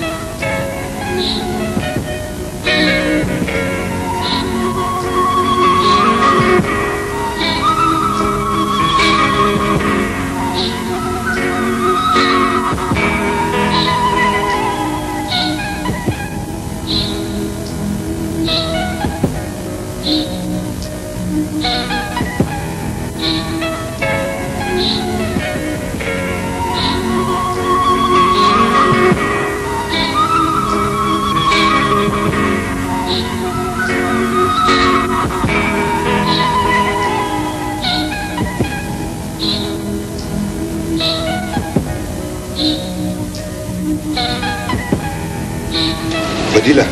fadila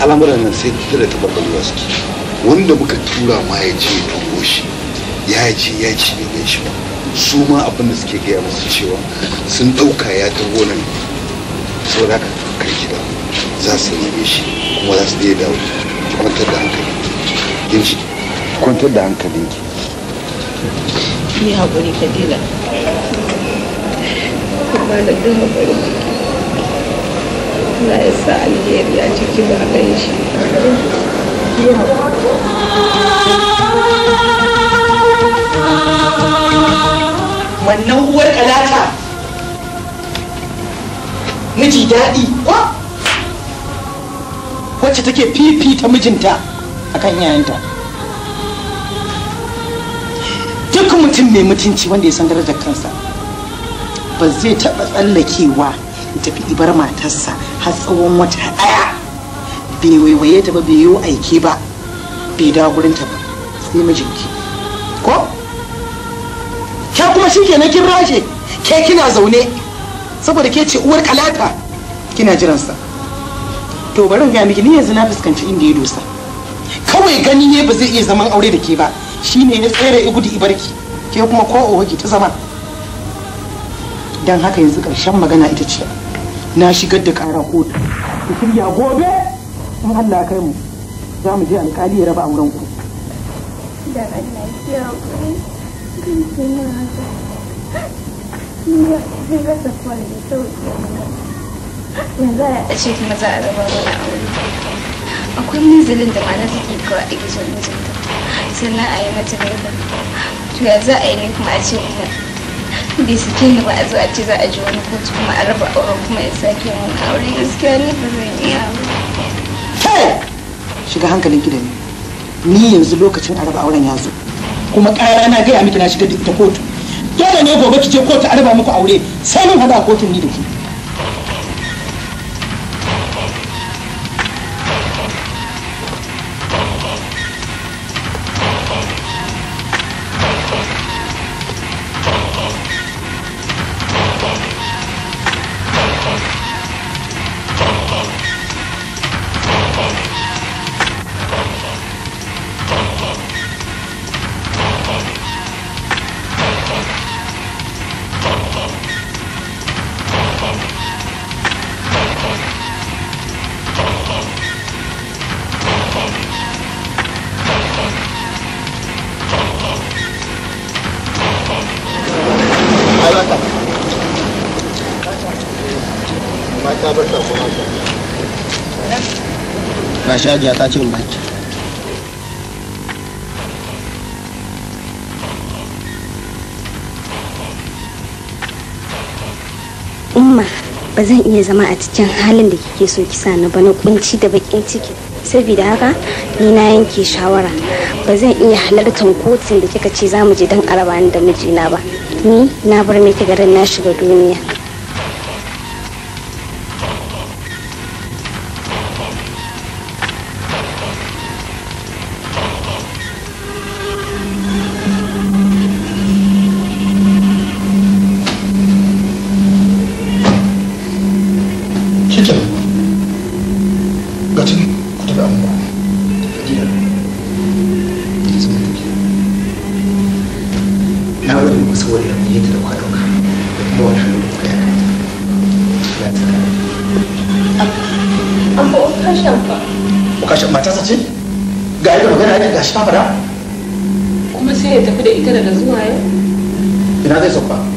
al'amuran nan sai ta da tabarbarewa su. wanda muka tura ma ya ce tuko shi ya ce ya ci ya gan shi ba su ma abin da suke gaya musu cewa sun ɗauka ya taho nan saboda haka kar gida za su neme shi kuma za su daidai dawo kwantar da hankali kin shi kwantar da hankali ki ki haƙuri fadila kuma da haƙuri Allah ya sa alheri a ciki ba shi. Wannan uwar kalata miji daɗi kwa wacce take fifita mijinta akan yayanta. Duk mutum mai mutunci wanda ya san darajar kansa ba zai taɓa tsallakewa ya tafi ibar matarsa har tsawon wata daya bai waiwaye ta ba bai yi aiki ba bai dawo gurin ta ba sai mijinki ko ke kuma shi ke na kin rashe ke kina zaune saboda ke ce uwar kalata kina jiransa to bari ga miki ni yanzu na fuskanci inda ya dosa kawai gani ne ba zai iya zaman aure da ke ba shine ya tsere ya gudu ibarki ke kuma ko owa ki ta zama dan haka yanzu karshen magana ita ce na shigar da ƙara kotu ku shirya gobe in Allah kai mu za mu je alƙali ya raba auren ku yanzu a ce kuma za a raba wani aure akwai nizilin da mana take kawo a gizo mijinta sannan a yi mata laifin to ya za a yi ne kuma a ce kuma bai sake ni ba a zo a ci za a ji wani kotu kuma a raba auren kuma ya sake wani aure gaskiya ne ba zan iya shiga hankalin ki da ni yanzu lokacin a raba auren ya zo kuma ƙara na gaya miki na shiga da ita kotu dole ne gobe ki ce kotu a raba muku aure sai mun haɗa kotun ni da ku ga ta ce baki umma ba zan iya zama a cikin halin da kike so kisa na ba na kunci da bakin ciki saboda haka ni na yanke shawara ba zan iya halartar kotun da kika ce za mu je dan araba da mijina ba ni na bar miki garin na shiga duniya ta ce ga yadda magana ake gashi ta fada kuma sai ya tafi da ita daga zuwa yau ina zai sauka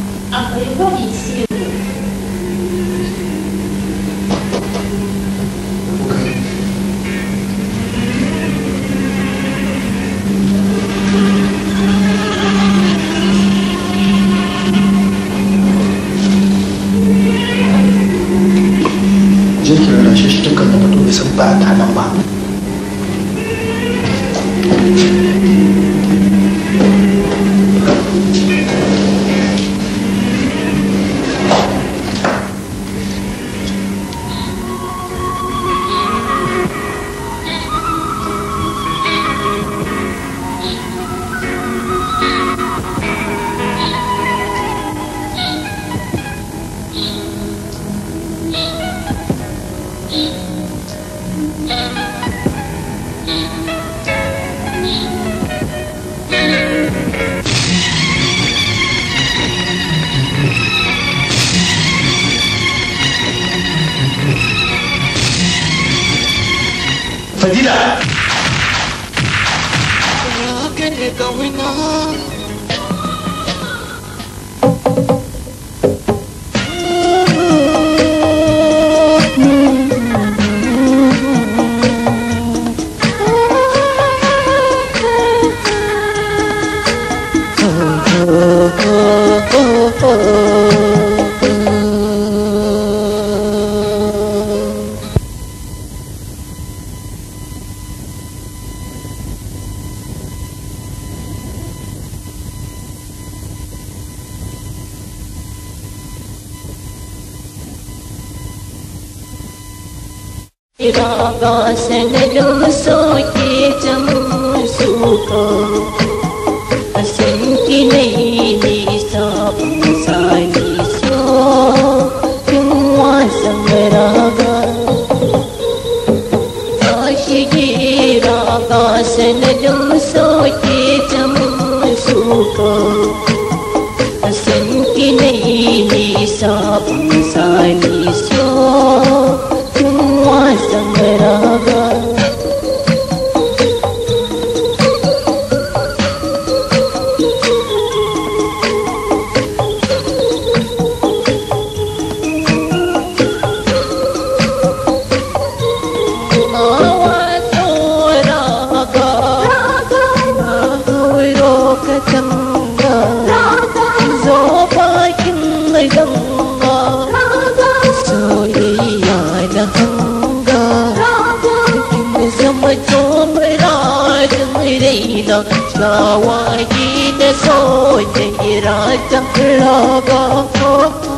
Zawahine soje irajam laga ho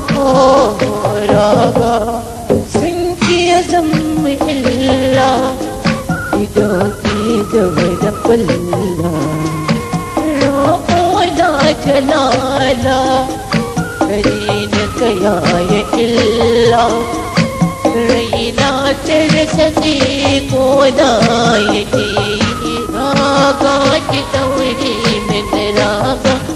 ho raga Sinki azam illa Ido ki jawada palla Roko da jalala Karin kaya ye illa Reena tere sadi ko da ye رازا كتوري من رازا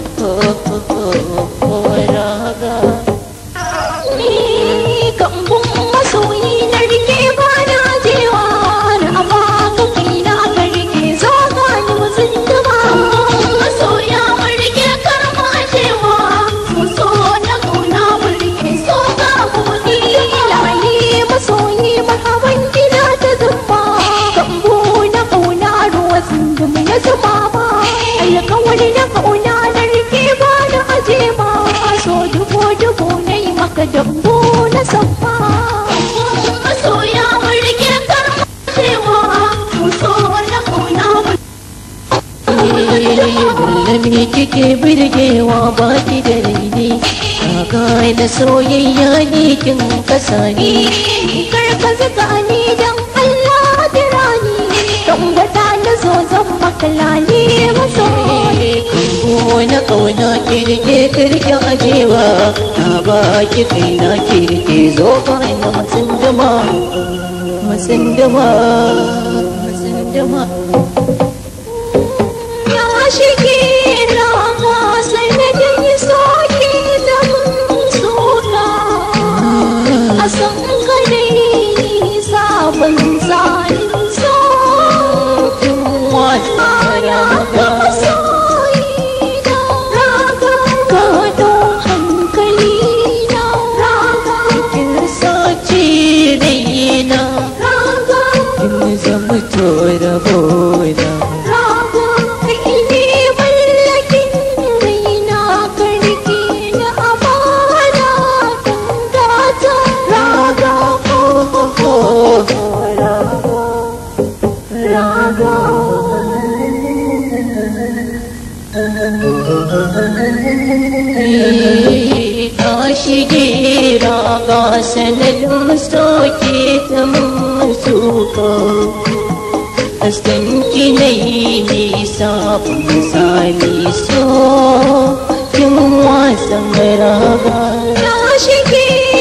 kike birgewa ki da raini kaga na soyayya ne kin kasa Kar karka zuga ni dan Allah dirani don dan gwada na zo zan maka lale maso na kauna kirke kirke ajewa ba ki kai na kirke zo ka na matsindama matsindama matsindama عطشان المسوكيت ممسوكا استمكي ليلي صعب مسالي سو يوم واسم رابع عاشقين